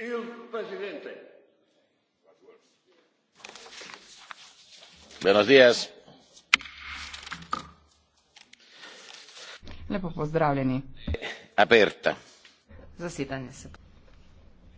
il presidente. Buenos días. Lepo pozdravljeni. Aperta. Zasedanje se.